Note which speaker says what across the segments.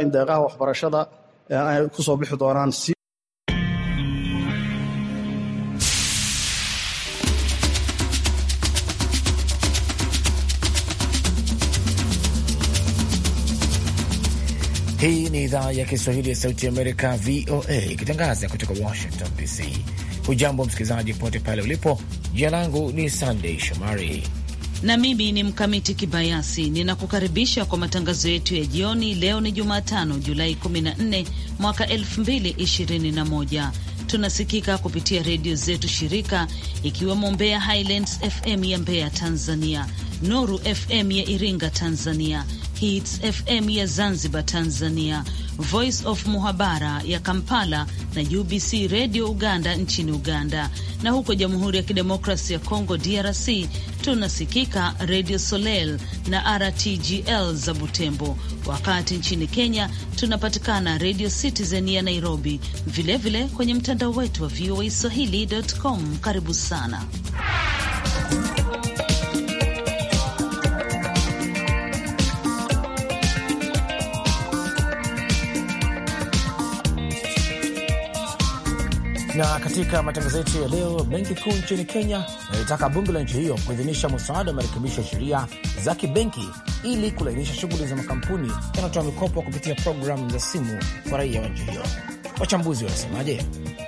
Speaker 1: in deeqaha waxbarashada eh, ay soo bixi doonaan
Speaker 2: Hii ni idhaa ya Kiswahili ya Sauti Amerika, VOA, ikitangaza kutoka Washington DC. Hujambo msikilizaji, pote pale ulipo. Jina langu ni Sandey Shomari
Speaker 3: na mimi ni Mkamiti Kibayasi, ninakukaribisha kwa matangazo yetu ya jioni. Leo ni Jumatano, Julai 14 mwaka 2021. Tunasikika kupitia redio zetu shirika, ikiwemo Mbeya Highlands FM ya Mbeya Tanzania, Noru FM ya Iringa Tanzania, Hits FM ya Zanzibar, Tanzania, Voice of Muhabara ya Kampala na UBC Radio Uganda nchini Uganda, na huko Jamhuri ya Kidemokrasi ya Kongo DRC tunasikika Radio Soleil na RTGL za Butembo, wakati nchini Kenya tunapatikana Radio Citizen ya Nairobi, vilevile vile kwenye mtandao wetu wa VOA Swahili.com. Karibu sana.
Speaker 4: na katika
Speaker 2: matangazo yetu ya leo, benki kuu nchini Kenya inalitaka bunge la nchi hiyo kuidhinisha msaada wa marekebisho ya sheria za kibenki ili kulainisha shughuli za makampuni yanayotoa mikopo kupitia programu za simu kwa raia wa nchi hiyo. Wachambuzi wanasemaje?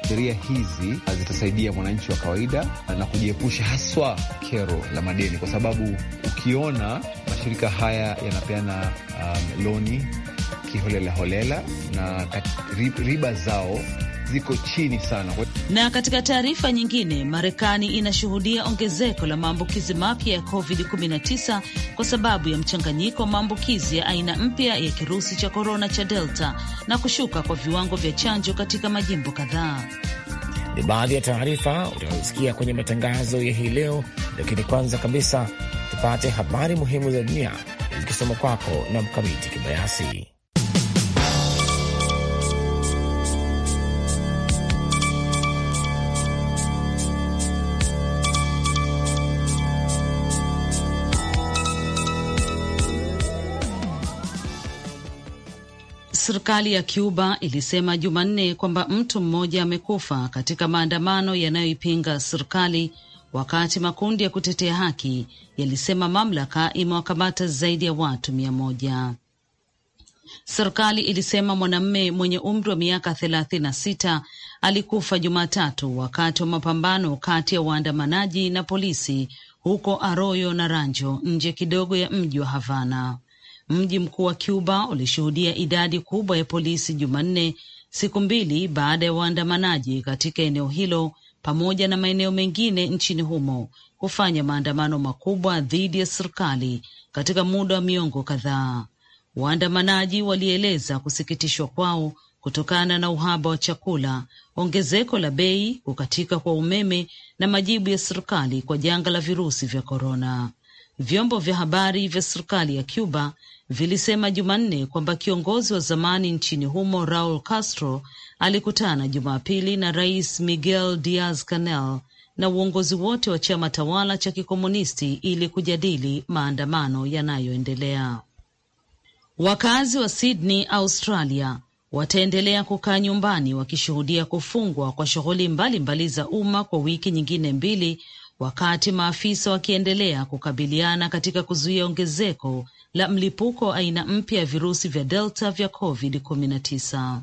Speaker 5: Sheria hizi zitasaidia mwananchi wa kawaida na kujiepusha haswa kero la madeni, kwa sababu ukiona mashirika haya yanapeana um, loni kiholelaholela na riba zao ziko chini sana. Na
Speaker 3: katika taarifa nyingine, Marekani inashuhudia ongezeko la maambukizi mapya ya COVID-19 kwa sababu ya mchanganyiko wa maambukizi ya aina mpya ya kirusi cha korona cha Delta na kushuka kwa viwango vya chanjo katika majimbo kadhaa.
Speaker 5: Ni baadhi
Speaker 2: ya taarifa utakazosikia kwenye matangazo ya hii leo, lakini kwanza kabisa tupate habari muhimu za dunia zikisoma kwako na Mkamiti Kibayasi.
Speaker 3: Serikali ya Cuba ilisema Jumanne kwamba mtu mmoja amekufa katika maandamano yanayoipinga serikali, wakati makundi ya kutetea haki yalisema mamlaka imewakamata zaidi ya watu mia moja. Serikali ilisema mwanamume mwenye umri wa miaka thelathini na sita alikufa Jumatatu wakati wa mapambano kati ya waandamanaji na polisi huko Arroyo Naranjo, nje kidogo ya mji wa Havana. Mji mkuu wa Cuba ulishuhudia idadi kubwa ya polisi Jumanne, siku mbili baada ya waandamanaji katika eneo hilo pamoja na maeneo mengine nchini humo kufanya maandamano makubwa dhidi ya serikali katika muda wa miongo kadhaa. Waandamanaji walieleza kusikitishwa kwao kutokana na uhaba wa chakula, ongezeko la bei, kukatika kwa umeme na majibu ya serikali kwa janga la virusi vya korona. Vyombo vya habari vya serikali ya Cuba vilisema Jumanne kwamba kiongozi wa zamani nchini humo Raul Castro alikutana Jumapili na Rais Miguel Diaz Canel na uongozi wote wa chama tawala cha kikomunisti ili kujadili maandamano yanayoendelea. Wakazi wa Sydney, Australia wataendelea kukaa nyumbani wakishuhudia kufungwa kwa shughuli mbalimbali za umma kwa wiki nyingine mbili, wakati maafisa wakiendelea kukabiliana katika kuzuia ongezeko la mlipuko wa aina mpya ya virusi vya Delta vya COVID-19.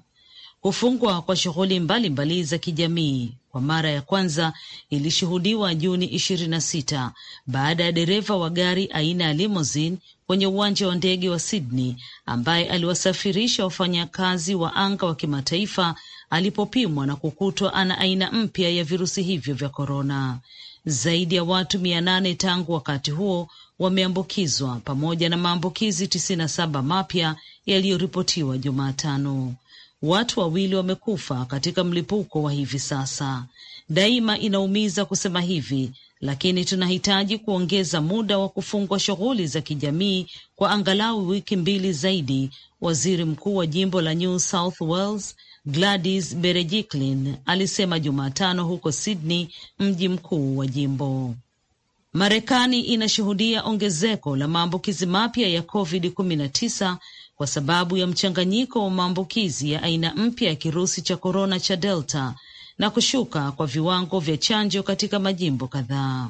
Speaker 3: Kufungwa kwa shughuli mbalimbali za kijamii kwa mara ya kwanza ilishuhudiwa Juni 26 baada ya dereva wa gari aina ya limosin kwenye uwanja wa ndege wa Sydney ambaye aliwasafirisha wafanyakazi wa anga wa kimataifa alipopimwa na kukutwa ana aina mpya ya virusi hivyo vya korona. Zaidi ya watu mia nane tangu wakati huo wameambukizwa pamoja na maambukizi 97 saba mapya yaliyoripotiwa Jumatano. Watu wawili wamekufa katika mlipuko wa hivi sasa. Daima inaumiza kusema hivi, lakini tunahitaji kuongeza muda wa kufungwa shughuli za kijamii kwa angalau wiki mbili zaidi, waziri mkuu wa jimbo la New South Wales Gladys Berejiklian alisema Jumatano huko Sydney, mji mkuu wa jimbo. Marekani inashuhudia ongezeko la maambukizi mapya ya COVID-19 kwa sababu ya mchanganyiko wa maambukizi ya aina mpya ya kirusi cha korona cha Delta na kushuka kwa viwango vya chanjo katika majimbo kadhaa.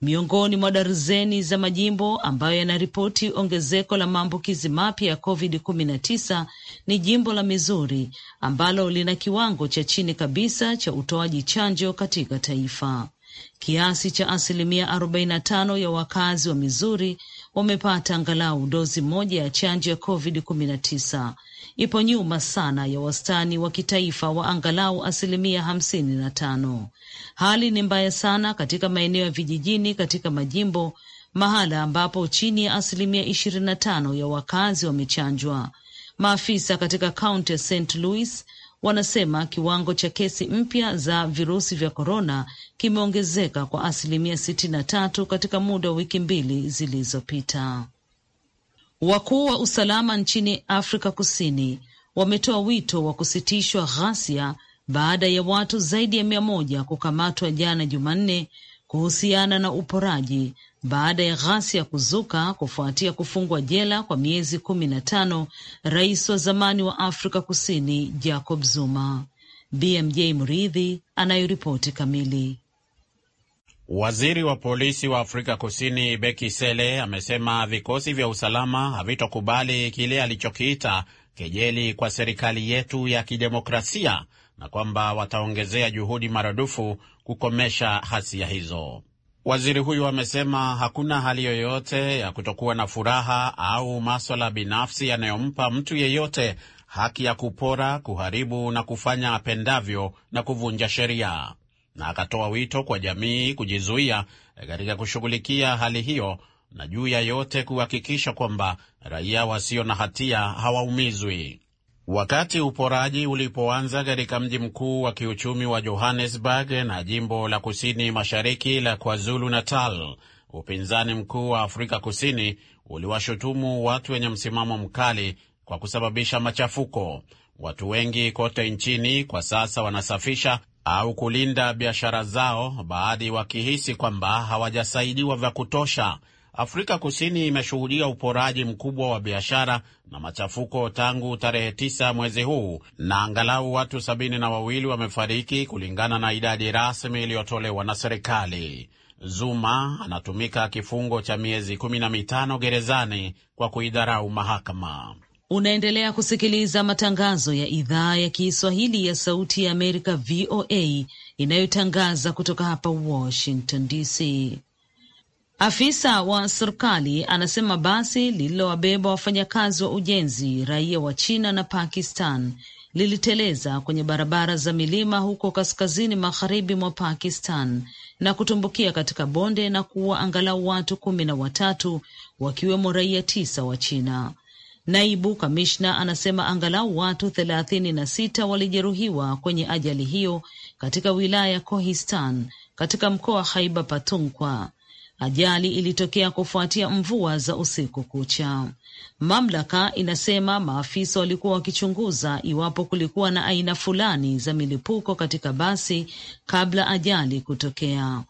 Speaker 3: Miongoni mwa darzeni za majimbo ambayo yanaripoti ongezeko la maambukizi mapya ya COVID-19 ni jimbo la Mizuri ambalo lina kiwango cha chini kabisa cha utoaji chanjo katika taifa. Kiasi cha asilimia 45 ya wakazi wa Mizuri wamepata angalau dozi moja ya chanjo ya COVID-19, ipo nyuma sana ya wastani wa kitaifa wa angalau asilimia hamsini na tano. Hali ni mbaya sana katika maeneo ya vijijini katika majimbo, mahala ambapo chini ya asilimia ishirini na tano ya wakazi wamechanjwa. Maafisa katika kaunti ya St Louis wanasema kiwango cha kesi mpya za virusi vya korona kimeongezeka kwa asilimia sitini na tatu katika muda wa wiki mbili zilizopita. Wakuu wa usalama nchini Afrika Kusini wametoa wito wa kusitishwa ghasia baada ya watu zaidi ya mia moja kukamatwa jana Jumanne kuhusiana na uporaji baada ya ghasia kuzuka kufuatia kufungwa jela kwa miezi kumi na tano rais wa zamani wa Afrika Kusini Jacob Zuma. BMJ Mridhi anayoripoti kamili.
Speaker 5: Waziri wa polisi wa Afrika Kusini Beki Sele amesema vikosi vya usalama havitokubali kile alichokiita kejeli kwa serikali yetu ya kidemokrasia na kwamba wataongezea juhudi maradufu kukomesha hasia hizo. Waziri huyu amesema hakuna hali yoyote ya kutokuwa na furaha au maswala binafsi yanayompa mtu yeyote haki ya kupora, kuharibu na kufanya apendavyo na kuvunja sheria, na akatoa wito kwa jamii kujizuia katika kushughulikia hali hiyo na juu ya yote kuhakikisha kwamba raia wasio na hatia hawaumizwi. Wakati uporaji ulipoanza katika mji mkuu wa kiuchumi wa Johannesburg na jimbo la kusini mashariki la KwaZulu Natal, upinzani mkuu wa Afrika Kusini uliwashutumu watu wenye msimamo mkali kwa kusababisha machafuko. Watu wengi kote nchini kwa sasa wanasafisha au kulinda biashara zao, baadhi wakihisi kwamba hawajasaidiwa vya kutosha Afrika Kusini imeshuhudia uporaji mkubwa wa biashara na machafuko tangu tarehe tisa mwezi huu na angalau watu sabini na wawili wamefariki kulingana na idadi rasmi iliyotolewa na serikali. Zuma anatumika kifungo cha miezi kumi na mitano gerezani kwa kuidharau mahakama.
Speaker 3: Unaendelea kusikiliza matangazo ya idhaa ya Kiswahili ya Sauti ya Amerika, VOA, inayotangaza kutoka hapa Washington DC. Afisa wa serikali anasema basi lililowabeba wafanyakazi wa ujenzi raia wa China na Pakistan liliteleza kwenye barabara za milima huko kaskazini magharibi mwa Pakistan na kutumbukia katika bonde na kuua angalau watu kumi na watatu wakiwemo raia tisa wa China. Naibu kamishna anasema angalau watu thelathini na sita walijeruhiwa kwenye ajali hiyo katika wilaya ya Kohistan katika mkoa Khyber Pakhtunkhwa. Ajali ilitokea kufuatia mvua za usiku kucha. Mamlaka inasema maafisa walikuwa wakichunguza iwapo kulikuwa na aina fulani za milipuko katika basi kabla ajali kutokea.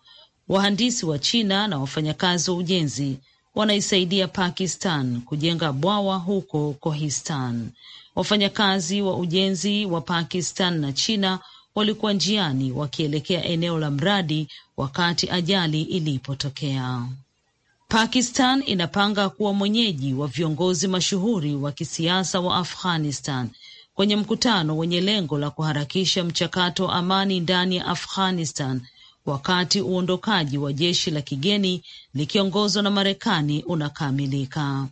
Speaker 3: Wahandisi wa China na wafanyakazi wa ujenzi wanaisaidia Pakistan kujenga bwawa huko Kohistan. Wafanyakazi wa ujenzi wa Pakistan na China walikuwa njiani wakielekea eneo la mradi wakati ajali ilipotokea. Pakistan inapanga kuwa mwenyeji wa viongozi mashuhuri wa kisiasa wa Afghanistan kwenye mkutano wenye lengo la kuharakisha mchakato wa amani ndani ya Afghanistan wakati uondokaji wa jeshi la kigeni likiongozwa na Marekani unakamilika.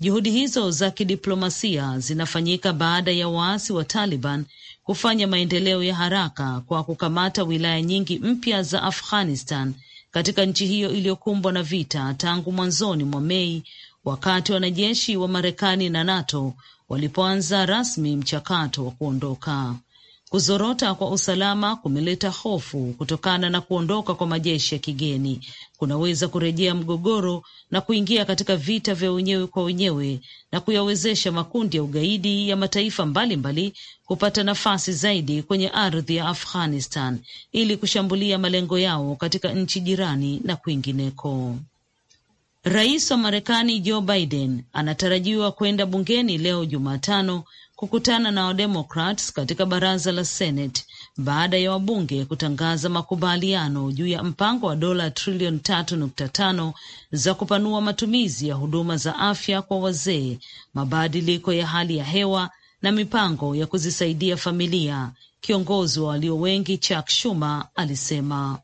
Speaker 3: Juhudi hizo za kidiplomasia zinafanyika baada ya waasi wa Taliban kufanya maendeleo ya haraka kwa kukamata wilaya nyingi mpya za Afghanistan katika nchi hiyo iliyokumbwa na vita tangu mwanzoni mwa Mei, wakati wanajeshi wa Marekani na NATO walipoanza rasmi mchakato wa kuondoka. Kuzorota kwa usalama kumeleta hofu kutokana na kuondoka kwa majeshi ya kigeni kunaweza kurejea mgogoro na kuingia katika vita vya wenyewe kwa wenyewe na kuyawezesha makundi ya ugaidi ya mataifa mbalimbali mbali kupata nafasi zaidi kwenye ardhi ya Afghanistan ili kushambulia malengo yao katika nchi jirani na kwingineko. Rais wa Marekani Joe Biden anatarajiwa kwenda bungeni leo Jumatano kukutana na Wademokrats katika baraza la Senate baada ya wabunge kutangaza makubaliano juu ya mpango wa dola trilioni tatu nukta tano za kupanua matumizi ya huduma za afya kwa wazee, mabadiliko ya hali ya hewa na mipango ya kuzisaidia familia. Kiongozi wa walio wengi Chuck Schumer alisema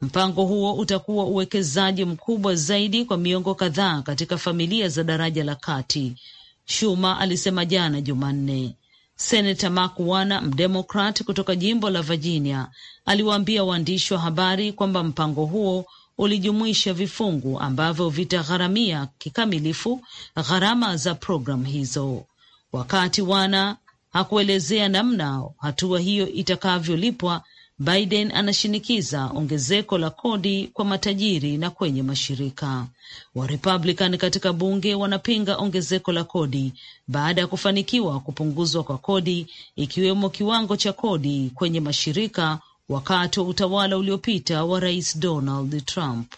Speaker 3: mpango huo utakuwa uwekezaji mkubwa zaidi kwa miongo kadhaa katika familia za daraja la kati Schumer alisema jana Jumanne. Senata Mark Warner, mdemokrat kutoka jimbo la Virginia, aliwaambia waandishi wa habari kwamba mpango huo ulijumuisha vifungu ambavyo vitagharamia kikamilifu gharama za programu hizo. Wakati Wana hakuelezea namna hatua hiyo itakavyolipwa, Biden anashinikiza ongezeko la kodi kwa matajiri na kwenye mashirika. Warepublican katika bunge wanapinga ongezeko la kodi baada ya kufanikiwa kupunguzwa kwa kodi, ikiwemo kiwango cha kodi kwenye mashirika wakati wa utawala uliopita wa Rais Donald Trump.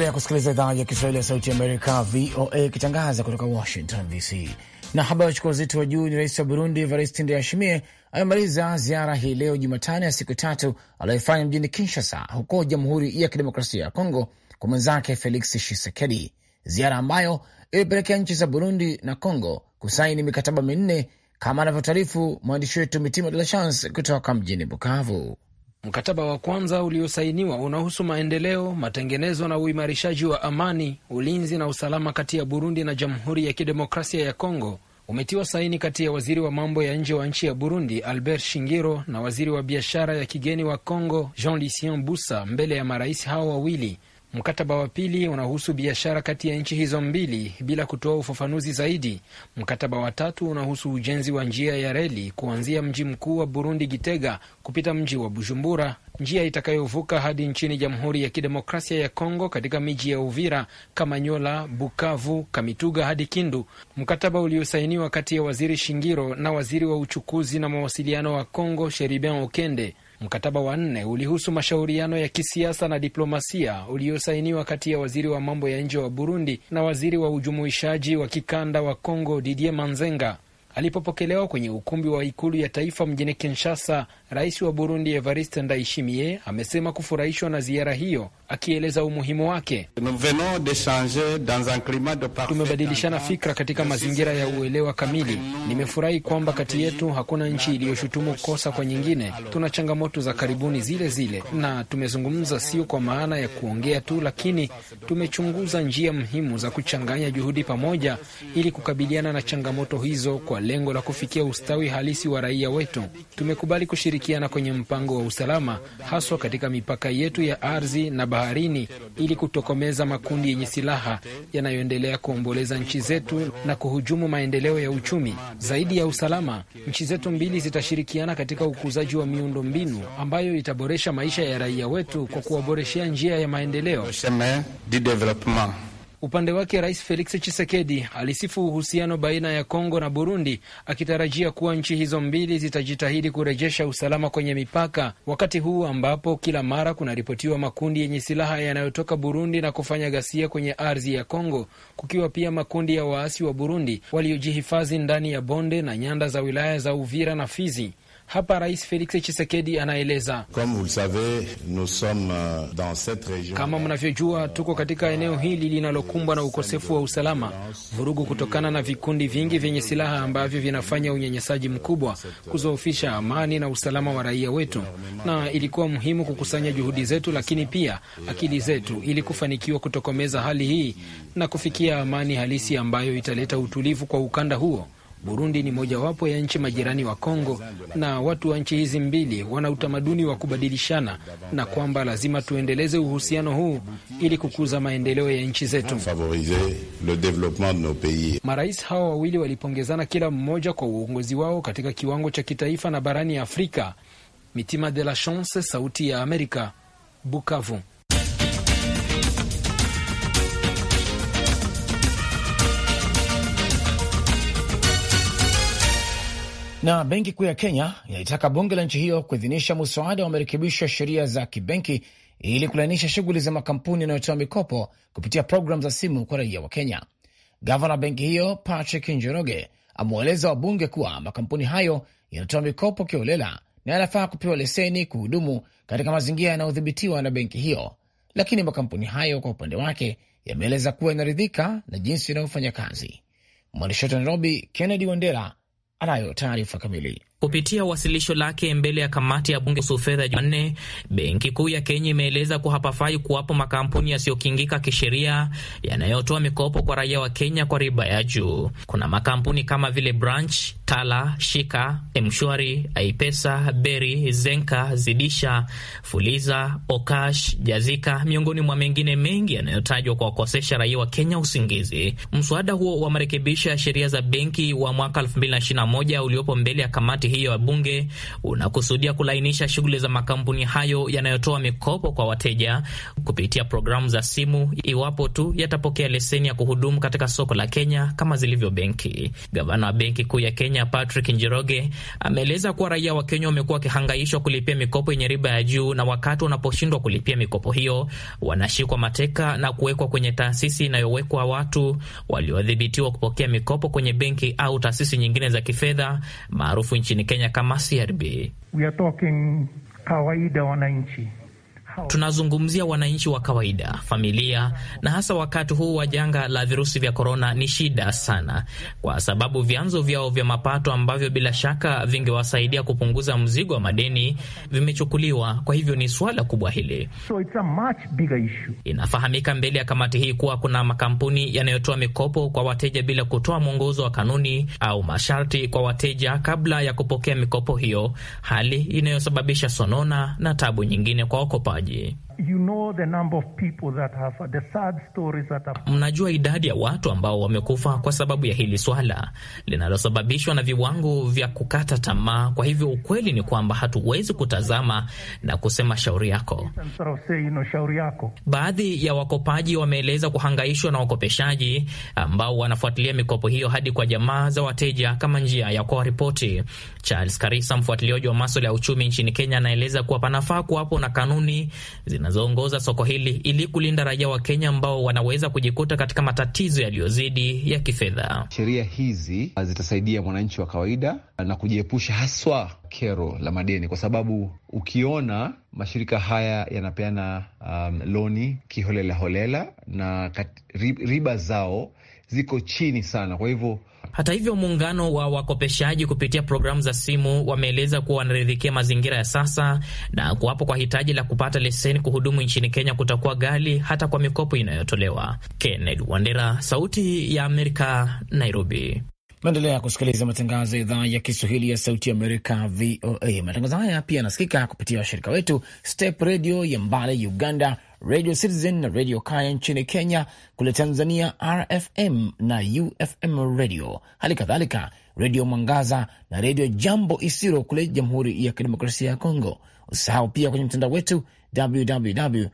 Speaker 2: Naendelea kusikiliza idhaa ya Kiswahili ya Sauti ya Amerika, VOA, ikitangaza kutoka Washington DC. Na habari ya uchukua uzito wa juu ni rais wa Burundi Evariste Ndayishimiye amemaliza ziara hii leo Jumatano ya siku tatu aliyoifanya mjini Kinshasa, huko Jamhuri ya Kidemokrasia ya Kongo, kwa mwenzake Felix Tshisekedi, ziara ambayo ilipelekea nchi za Burundi na Kongo kusaini mikataba minne, kama anavyotaarifu mwandishi wetu Mitima De La Chance kutoka mjini Bukavu.
Speaker 6: Mkataba wa kwanza uliosainiwa unahusu maendeleo, matengenezo na uimarishaji wa amani, ulinzi na usalama kati ya Burundi na Jamhuri ya Kidemokrasia ya Kongo umetiwa saini kati ya waziri wa mambo ya nje wa nchi ya Burundi Albert Shingiro na waziri wa biashara ya kigeni wa Kongo Jean Lucien Busa mbele ya marais hao wawili Mkataba wa pili unahusu biashara kati ya nchi hizo mbili bila kutoa ufafanuzi zaidi. Mkataba wa tatu unahusu ujenzi wa njia ya reli kuanzia mji mkuu wa Burundi, Gitega, kupita mji wa Bujumbura, njia itakayovuka hadi nchini Jamhuri ya Kidemokrasia ya Kongo katika miji ya Uvira, Kamanyola, Bukavu, Kamituga hadi Kindu. Mkataba uliosainiwa kati ya Waziri Shingiro na Waziri wa Uchukuzi na Mawasiliano wa Kongo, Sheribin Okende. Mkataba wa nne ulihusu mashauriano ya kisiasa na diplomasia uliosainiwa kati ya waziri wa mambo ya nje wa Burundi na waziri wa ujumuishaji wa kikanda wa congo Didier Manzenga. Alipopokelewa kwenye ukumbi wa ikulu ya taifa mjini Kinshasa, rais wa Burundi Evariste Ndayishimiye amesema kufurahishwa na ziara hiyo, akieleza umuhimu wake. Tumebadilishana fikra katika mazingira ya uelewa kamili. Nimefurahi kwamba kati yetu hakuna nchi iliyoshutumu kosa kwa nyingine. Tuna changamoto za karibuni zile zile, na tumezungumza sio kwa maana ya kuongea tu, lakini tumechunguza njia muhimu za kuchanganya juhudi pamoja ili kukabiliana na changamoto hizo kwa lengo la kufikia ustawi halisi wa raia wetu. Tumekubali kushirikiana kwenye mpango wa usalama, haswa katika mipaka yetu ya ardhi na baharini, ili kutokomeza makundi yenye silaha yanayoendelea kuomboleza nchi zetu na kuhujumu maendeleo ya uchumi. Zaidi ya usalama, nchi zetu mbili zitashirikiana katika ukuzaji wa miundo mbinu ambayo itaboresha maisha ya raia wetu kwa kuwaboreshea njia ya maendeleo. Upande wake Rais Felix chisekedi alisifu uhusiano baina ya Kongo na Burundi, akitarajia kuwa nchi hizo mbili zitajitahidi kurejesha usalama kwenye mipaka, wakati huu ambapo kila mara kunaripotiwa makundi yenye silaha yanayotoka Burundi na kufanya ghasia kwenye ardhi ya Kongo, kukiwa pia makundi ya waasi wa Burundi waliojihifadhi ndani ya bonde na nyanda za wilaya za Uvira na Fizi. Hapa Rais Felix chisekedi anaeleza,
Speaker 5: euh, kama
Speaker 6: mnavyojua, tuko katika eneo hili linalokumbwa na ukosefu wa usalama, vurugu kutokana na vikundi vingi vyenye silaha ambavyo vinafanya unyanyasaji mkubwa, kuzoofisha amani na usalama wa raia wetu, na ilikuwa muhimu kukusanya juhudi zetu, lakini pia akili zetu, ili kufanikiwa kutokomeza hali hii na kufikia amani halisi ambayo italeta utulivu kwa ukanda huo. Burundi ni mojawapo ya nchi majirani wa Kongo, na watu wa nchi hizi mbili wana utamaduni wa kubadilishana, na kwamba lazima tuendeleze uhusiano huu ili kukuza maendeleo ya nchi zetu. Marais hawa wawili walipongezana kila mmoja kwa uongozi wao katika kiwango cha kitaifa na barani Afrika. Mitima de la Chance, Sauti ya Amerika,
Speaker 2: Bukavu. Na benki kuu ya Kenya inalitaka bunge la nchi hiyo kuidhinisha muswada wa marekebisho ya sheria za kibenki ili kulainisha shughuli za makampuni yanayotoa mikopo kupitia programu za simu kwa raia wa Kenya. Gavana benki hiyo Patrick Njoroge amewaeleza wabunge kuwa makampuni hayo yanatoa mikopo kiolela na yanafaa kupewa leseni kuhudumu katika mazingira yanayodhibitiwa na benki hiyo, lakini makampuni hayo kwa upande wake yameeleza kuwa yanaridhika na jinsi yanayofanya kazi. Mwandishi wetu wa Nairobi, Kennedy Wandera anayo taarifa kamili.
Speaker 7: Kupitia wasilisho lake mbele ya kamati ya bunge kuhusu fedha Jumanne, benki kuu ya Kenya imeeleza kuwa hapafai kuwapo makampuni yasiyokingika kisheria yanayotoa mikopo kwa raia wa Kenya kwa riba ya juu. Kuna makampuni kama vile Branch, Tala, Shika, Mshwari, Aipesa, Beri, Zenka, Zidisha, Fuliza, Okash, Jazika, miongoni mwa mengine mengi yanayotajwa kwa raia wa Kenya usingizi. Mswada huo wa marekebisho ya sheria za benki wa mwaka 2021 uliopo mbele ya kamati hiyo ya bunge unakusudia kulainisha shughuli za makampuni hayo yanayotoa mikopo kwa wateja kupitia programu za simu, iwapo tu yatapokea leseni ya kuhudumu katika soko la Kenya kama zilivyo benki. Gavana wa Benki Kuu ya Kenya Patrick Njiroge ameeleza kuwa raia wa Kenya wamekuwa wakihangaishwa kulipia mikopo yenye riba ya juu, na wakati wanaposhindwa kulipia mikopo hiyo wanashikwa mateka na kuwekwa kwenye taasisi inayowekwa watu waliodhibitiwa kupokea mikopo kwenye benki au taasisi nyingine za kifedha maarufu nchini nchini Kenya kama CRB.
Speaker 8: We are talking kawaida wananchi
Speaker 7: Tunazungumzia wananchi wa kawaida, familia, na hasa wakati huu wa janga la virusi vya korona ni shida sana, kwa sababu vyanzo vyao vya mapato ambavyo bila shaka vingewasaidia kupunguza mzigo wa madeni vimechukuliwa. Kwa hivyo ni suala kubwa hili. So inafahamika mbele ya kamati hii kuwa kuna makampuni yanayotoa mikopo kwa wateja bila kutoa mwongozo wa kanuni au masharti kwa wateja kabla ya kupokea mikopo hiyo, hali inayosababisha sonona na tabu nyingine kwa wakopaji ukosoaji.
Speaker 8: You know the number of people that have the sad stories that have...
Speaker 7: Mnajua idadi ya watu ambao wamekufa kwa sababu ya hili swala linalosababishwa na viwango vya kukata tamaa. Kwa hivyo ukweli ni kwamba hatuwezi kutazama na kusema shauri yako. Baadhi ya wakopaji wameeleza kuhangaishwa na wakopeshaji ambao wanafuatilia mikopo hiyo hadi kwa jamaa za wateja kama njia ya kwa ripoti. Charles Karisa, mfuatiliaji wa maswala ya uchumi nchini Kenya, anaeleza kuwa panafaa kuwapo na kanuni zinazoongoza soko hili ili kulinda raia wa Kenya ambao wanaweza kujikuta katika matatizo yaliyozidi ya
Speaker 5: kifedha. Sheria hizi zitasaidia mwananchi wa kawaida na kujiepusha haswa kero la madeni, kwa sababu ukiona mashirika haya yanapeana um, loni kiholelaholela na kat, riba zao ziko chini sana, kwa hivyo
Speaker 7: hata hivyo, muungano wa wakopeshaji kupitia programu za simu wameeleza kuwa wanaridhikia mazingira ya sasa na kuwapo kwa hitaji la kupata leseni kuhudumu nchini Kenya kutakuwa ghali hata kwa mikopo inayotolewa. Kenneth Wandera, Sauti ya Amerika, Nairobi.
Speaker 2: Naendelea kusikiliza matangazo ya idhaa ya Kiswahili ya Sauti ya Amerika, VOA. Matangazo haya pia yanasikika kupitia washirika wetu Step Redio ya Mbale, Uganda, Radio Citizen na Radio Kaya nchini Kenya, kule Tanzania RFM na UFM Radio, hali kadhalika Redio Mwangaza na Redio Jambo Isiro kule Jamhuri ya Kidemokrasia ya Kongo. usahau pia kwenye mtandao wetu www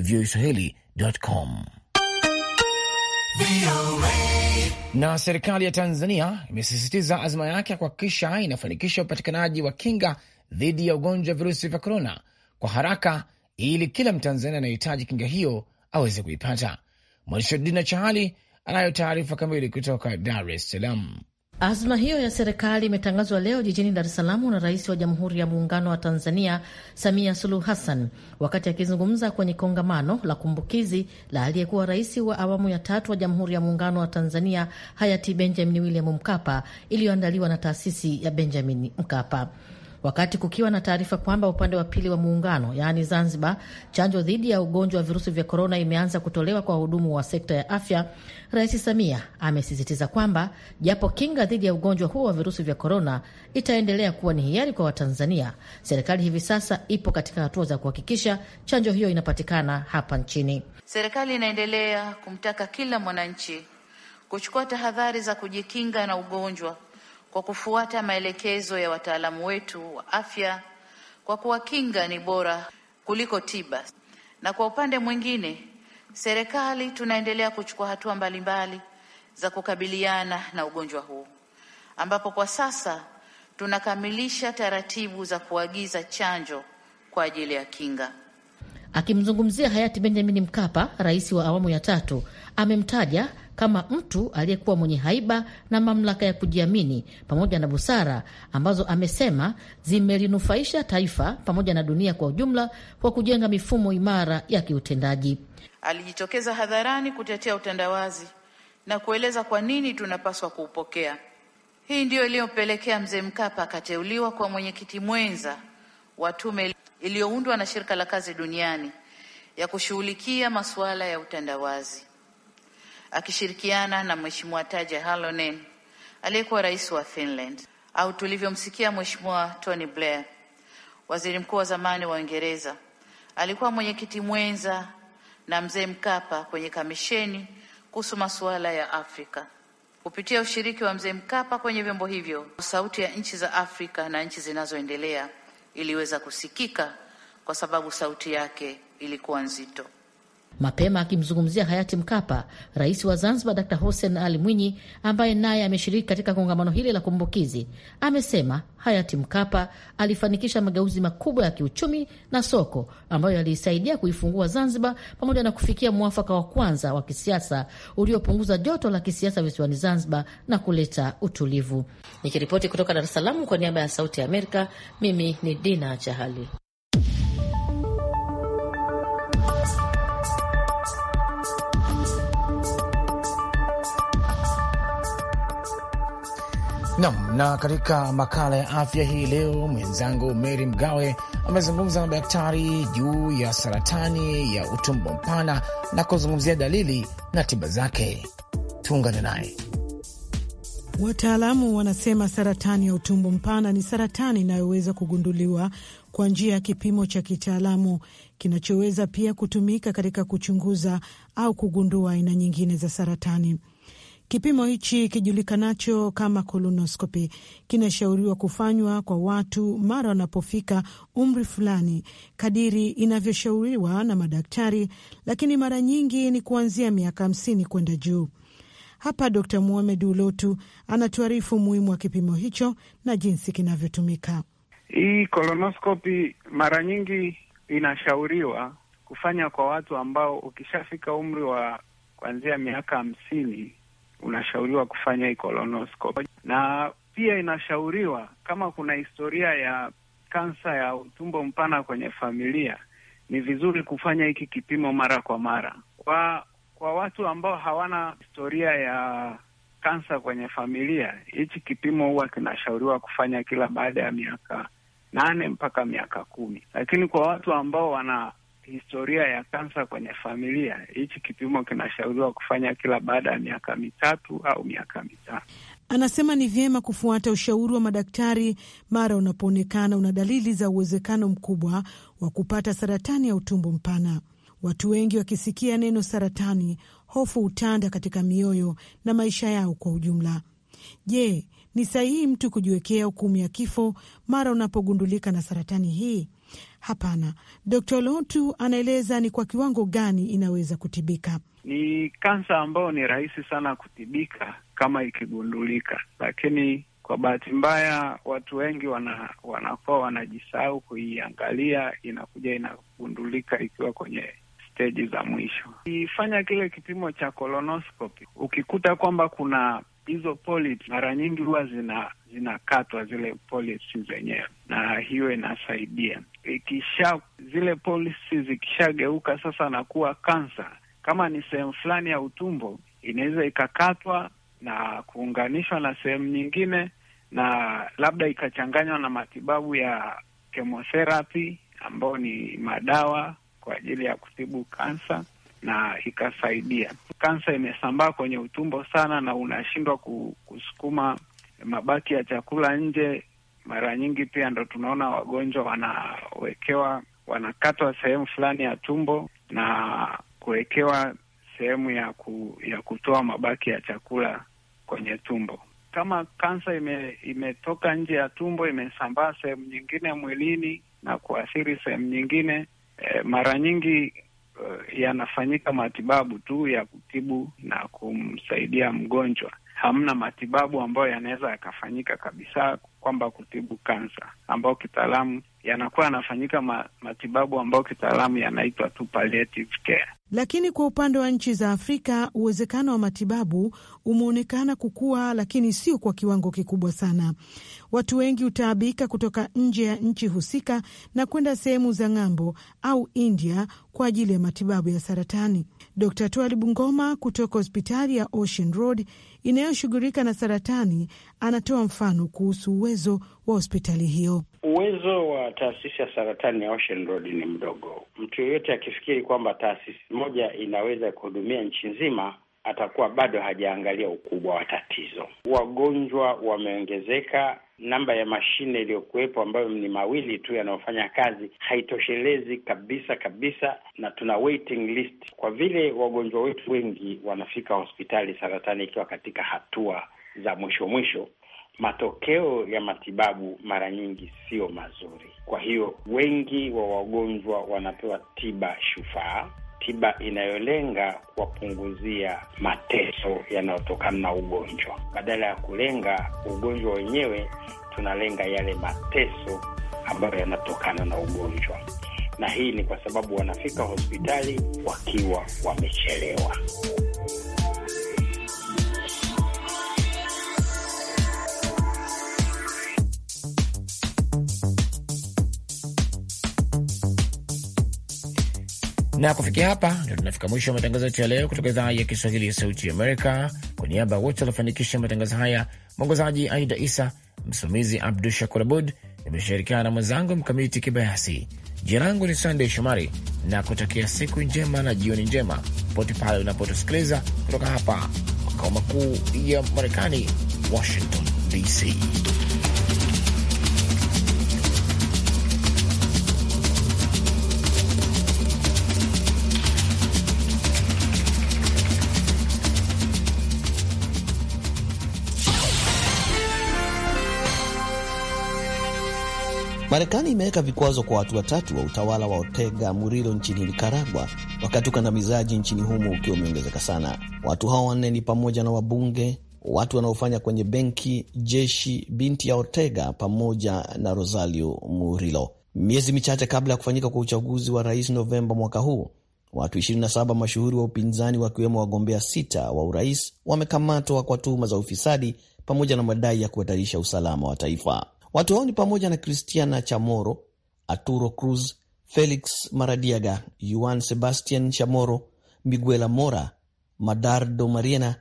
Speaker 2: voa swahilicom. Na serikali ya Tanzania imesisitiza azma yake ya kuhakikisha inafanikisha upatikanaji wa kinga dhidi ya ugonjwa wa virusi vya korona kwa haraka ili kila Mtanzania anayehitaji kinga hiyo aweze kuipata. Mwandishi wa Dina Chahali anayo taarifa kamili kutoka Dar es Salaam.
Speaker 9: Azma hiyo ya serikali imetangazwa leo jijini Dar es Salaam na Rais wa Jamhuri ya Muungano wa Tanzania, Samia Suluhu Hassan, wakati akizungumza kwenye kongamano la kumbukizi la aliyekuwa rais wa awamu ya tatu wa Jamhuri ya Muungano wa Tanzania, hayati Benjamin William Mkapa, iliyoandaliwa na taasisi ya Benjamin Mkapa wakati kukiwa na taarifa kwamba upande wa pili wa muungano, yaani Zanzibar, chanjo dhidi ya ugonjwa wa virusi vya korona imeanza kutolewa kwa wahudumu wa sekta ya afya. Rais Samia amesisitiza kwamba japo kinga dhidi ya ugonjwa huo wa virusi vya korona itaendelea kuwa ni hiari kwa Watanzania, serikali hivi sasa ipo katika hatua za kuhakikisha chanjo hiyo inapatikana hapa nchini.
Speaker 10: Serikali inaendelea kumtaka kila mwananchi kuchukua tahadhari za kujikinga na ugonjwa kwa kufuata maelekezo ya wataalamu wetu wa afya, kwa kuwa kinga ni bora kuliko tiba. Na kwa upande mwingine, serikali tunaendelea kuchukua hatua mbalimbali mbali za kukabiliana na ugonjwa huu, ambapo kwa sasa tunakamilisha taratibu za kuagiza chanjo kwa ajili ya kinga.
Speaker 9: Akimzungumzia hayati Benjamin Mkapa, rais wa awamu ya tatu, amemtaja kama mtu aliyekuwa mwenye haiba na mamlaka ya kujiamini pamoja na busara ambazo amesema zimelinufaisha taifa pamoja na dunia kwa ujumla kwa kujenga mifumo imara ya kiutendaji.
Speaker 10: Alijitokeza hadharani kutetea utandawazi na kueleza kwa nini tunapaswa kuupokea. Hii ndiyo iliyompelekea Mzee Mkapa akateuliwa kwa mwenyekiti mwenza wa tume iliyoundwa na Shirika la Kazi Duniani ya kushughulikia masuala ya utandawazi akishirikiana na Mheshimiwa Tarja Halonen aliyekuwa rais wa Finland, au tulivyomsikia Mheshimiwa Tony Blair, waziri mkuu wa zamani wa Uingereza, alikuwa mwenyekiti mwenza na mzee Mkapa kwenye kamisheni kuhusu masuala ya Afrika. Kupitia ushiriki wa mzee Mkapa kwenye vyombo hivyo, sauti ya nchi za Afrika na nchi zinazoendelea iliweza kusikika kwa sababu sauti yake ilikuwa nzito.
Speaker 9: Mapema akimzungumzia hayati Mkapa, rais wa Zanzibar Dr Hussein Ali Mwinyi, ambaye naye ameshiriki katika kongamano hili la kumbukizi, amesema hayati Mkapa alifanikisha mageuzi makubwa ya kiuchumi na soko ambayo yaliisaidia kuifungua Zanzibar pamoja na kufikia mwafaka wa kwanza wa kisiasa uliopunguza joto la kisiasa visiwani Zanzibar na kuleta utulivu. Nikiripoti kutoka Dar es Salaam kwa niaba ya Sauti ya Amerika, mimi ni Dina Chahali.
Speaker 2: Nam na, katika makala ya afya hii leo, mwenzangu Mary Mgawe amezungumza na daktari juu ya saratani ya utumbo mpana na kuzungumzia dalili na tiba zake. Tuungane naye.
Speaker 4: Wataalamu wanasema saratani ya utumbo mpana ni saratani inayoweza kugunduliwa kwa njia ya kipimo cha kitaalamu kinachoweza pia kutumika katika kuchunguza au kugundua aina nyingine za saratani. Kipimo hichi kijulikanacho kama kolonoskopi kinashauriwa kufanywa kwa watu mara wanapofika umri fulani kadiri inavyoshauriwa na madaktari, lakini mara nyingi ni kuanzia miaka hamsini kwenda juu. Hapa Dr muhamed Ulotu anatuarifu umuhimu wa kipimo hicho na jinsi kinavyotumika.
Speaker 8: Hii kolonoskopi mara nyingi inashauriwa kufanya kwa watu ambao ukishafika umri wa kuanzia miaka hamsini unashauriwa kufanya colonoscopy, na pia inashauriwa kama kuna historia ya kansa ya utumbo mpana kwenye familia, ni vizuri kufanya hiki kipimo mara kwa mara. Kwa kwa watu ambao hawana historia ya kansa kwenye familia, hichi kipimo huwa kinashauriwa kufanya kila baada ya miaka nane mpaka miaka kumi, lakini kwa watu ambao wana historia ya kansa kwenye familia. Hichi kipimo kinashauriwa kufanya kila baada ya miaka mitatu au miaka mitano.
Speaker 4: Anasema ni vyema kufuata ushauri wa madaktari mara unapoonekana una dalili za uwezekano mkubwa wa kupata saratani ya utumbo mpana. Watu wengi wakisikia neno saratani, hofu hutanda katika mioyo na maisha yao kwa ujumla. Je, ni sahihi mtu kujiwekea hukumu ya kifo mara unapogundulika na saratani hii? Hapana. d Lotu anaeleza ni kwa kiwango gani inaweza kutibika.
Speaker 8: Ni kansa ambayo ni rahisi sana kutibika kama ikigundulika, lakini kwa bahati mbaya watu wengi wana, wanakuwa wanajisahau kuiangalia, inakuja inagundulika ikiwa kwenye steji za mwisho. Ifanya kile kipimo cha colonoscopy, ukikuta kwamba kuna hizo polyps mara nyingi huwa zina zinakatwa zile polisi zenyewe, na hiyo inasaidia. Ikisha zile polisi zikishageuka sasa na kuwa kansa, kama ni sehemu fulani ya utumbo, inaweza ikakatwa na kuunganishwa na sehemu nyingine, na labda ikachanganywa na matibabu ya chemotherapy, ambayo ni madawa kwa ajili ya kutibu kansa na ikasaidia. Kansa imesambaa kwenye utumbo sana, na unashindwa kusukuma mabaki ya chakula nje. Mara nyingi pia ndo tunaona wagonjwa wanawekewa, wanakatwa sehemu fulani ya tumbo na kuwekewa sehemu ya ku, ya kutoa mabaki ya chakula kwenye tumbo. Kama kansa ime, imetoka nje ya tumbo, imesambaa sehemu nyingine mwilini na kuathiri sehemu nyingine, e, mara nyingi Eh, yanafanyika matibabu tu ya kutibu na kumsaidia mgonjwa. Hamna matibabu ambayo yanaweza yakafanyika kabisa kwamba kutibu kansa, ambayo kitaalamu yanakuwa yanafanyika ma, matibabu ambayo kitaalamu yanaitwa tu palliative care.
Speaker 4: Lakini kwa upande wa nchi za Afrika uwezekano wa matibabu umeonekana kukua, lakini sio kwa kiwango kikubwa sana. Watu wengi hutaabika kutoka nje ya nchi husika na kwenda sehemu za ng'ambo au India kwa ajili ya matibabu ya saratani. Dkt. Twalib Bungoma kutoka hospitali ya Ocean Road inayoshughulika na saratani anatoa mfano kuhusu uwezo wa hospitali hiyo.
Speaker 8: Uwezo wa taasisi ya saratani ya Ocean Road ni mdogo. Mtu yoyote akifikiri kwamba taasisi moja inaweza kuhudumia nchi nzima atakuwa bado hajaangalia ukubwa wa tatizo. Wagonjwa wameongezeka, namba ya mashine iliyokuwepo ambayo ni mawili tu yanayofanya kazi haitoshelezi kabisa kabisa, na tuna waiting list kwa vile wagonjwa wetu wengi wanafika hospitali saratani ikiwa katika hatua za mwisho mwisho matokeo ya matibabu mara nyingi sio mazuri. Kwa hiyo wengi wa wagonjwa wanapewa tiba shufaa, tiba inayolenga kuwapunguzia mateso yanayotokana na ugonjwa. Badala ya kulenga ugonjwa wenyewe, tunalenga yale mateso ambayo yanatokana na ugonjwa, na hii ni kwa sababu wanafika hospitali wakiwa wamechelewa.
Speaker 5: Na kufikia hapa
Speaker 2: ndio tunafika mwisho wa matangazo yetu ya leo kutoka idhaa ya Kiswahili ya Sauti ya Amerika. Kwa niaba ya wote waliofanikisha matangazo haya, mwongozaji Aida Isa, msimamizi Abdu Shakur Abud, nimeshirikiana na mwenzangu Mkamiti Kibayasi. Jina langu ni Sandey Shomari na kutakia siku njema na jioni njema popote pale unapotusikiliza kutoka hapa makao makuu ya Marekani, Washington DC.
Speaker 1: Marekani imeweka vikwazo kwa watu watatu wa utawala wa Ortega Murillo nchini Nikaragua, wakati ukandamizaji nchini humo ukiwa umeongezeka sana. Watu hao wanne ni pamoja na wabunge, watu wanaofanya kwenye benki, jeshi, binti ya Ortega pamoja na Rosario Murillo. Miezi michache kabla ya kufanyika kwa uchaguzi wa rais Novemba mwaka huu, watu 27 mashuhuri wa upinzani wakiwemo wagombea sita wa urais wamekamatwa kwa tuhuma za ufisadi pamoja na madai ya kuhatarisha usalama wa taifa. Watu hao ni pamoja na Cristiana chamoro Arturo Cruz, Felix Maradiaga, Juan Sebastian chamoro miguela Mora, Madardo Mariena,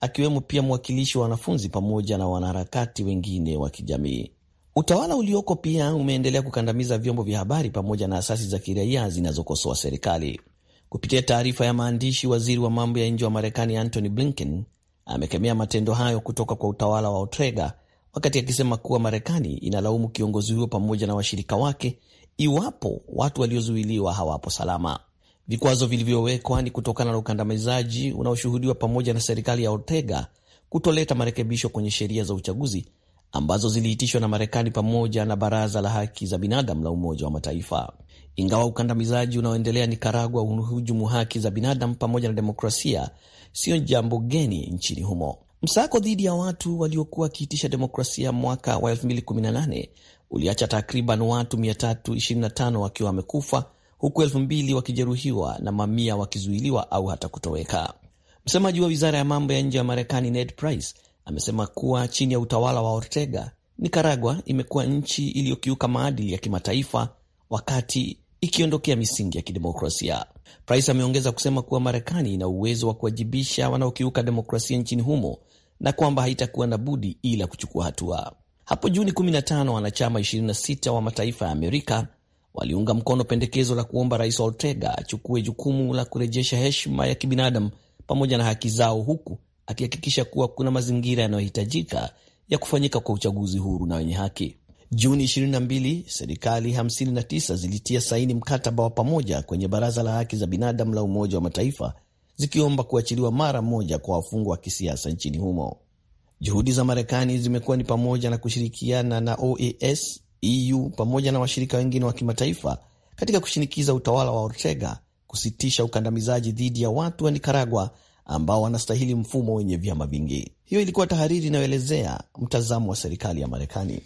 Speaker 1: akiwemo pia mwakilishi wa wanafunzi pamoja na wanaharakati wengine wa kijamii. Utawala ulioko pia umeendelea kukandamiza vyombo vya habari pamoja na asasi za kiraia zinazokosoa serikali. Kupitia taarifa ya maandishi, waziri wa mambo ya nje wa Marekani Antony Blinken amekemea matendo hayo kutoka kwa utawala wa Otrega wakati akisema kuwa Marekani inalaumu kiongozi huyo pamoja na washirika wake iwapo watu waliozuiliwa hawapo salama. Vikwazo vilivyowekwa ni kutokana na ukandamizaji unaoshuhudiwa pamoja na serikali ya Ortega kutoleta marekebisho kwenye sheria za uchaguzi ambazo ziliitishwa na Marekani pamoja na Baraza la Haki za Binadamu la Umoja wa Mataifa. Ingawa ukandamizaji unaoendelea Nikaragua unahujumu haki za binadamu pamoja na demokrasia, siyo jambo geni nchini humo. Msako dhidi ya watu waliokuwa wakiitisha demokrasia mwaka wa 2018 uliacha takriban watu 325 wakiwa wamekufa huku 2000 wakijeruhiwa na mamia wakizuiliwa au hata kutoweka. Msemaji wa wizara ya mambo ya nje ya Marekani Ned Price amesema kuwa chini ya utawala wa Ortega, nikaragua imekuwa nchi iliyokiuka maadili ya kimataifa wakati ikiondokea misingi ya kidemokrasia. Price ameongeza kusema kuwa Marekani ina uwezo wa kuwajibisha wanaokiuka demokrasia nchini humo na kwamba haitakuwa na budi ila kuchukua hatua. Hapo Juni 15 wanachama 26 wa mataifa ya Amerika waliunga mkono pendekezo la kuomba Rais Ortega achukue jukumu la kurejesha heshima ya kibinadamu pamoja na haki zao, huku akihakikisha kuwa kuna mazingira yanayohitajika ya kufanyika kwa uchaguzi huru na wenye haki. Juni 22 serikali 59 zilitia saini mkataba wa pamoja kwenye Baraza la Haki za Binadamu la Umoja wa Mataifa zikiomba kuachiliwa mara moja kwa wafungwa wa kisiasa nchini humo. Juhudi za Marekani zimekuwa ni pamoja na kushirikiana na OAS, EU pamoja na washirika wengine wa kimataifa katika kushinikiza utawala wa Ortega kusitisha ukandamizaji dhidi ya watu wa Nikaragua ambao wanastahili mfumo wenye vyama vingi. Hiyo ilikuwa tahariri inayoelezea mtazamo wa serikali ya Marekani.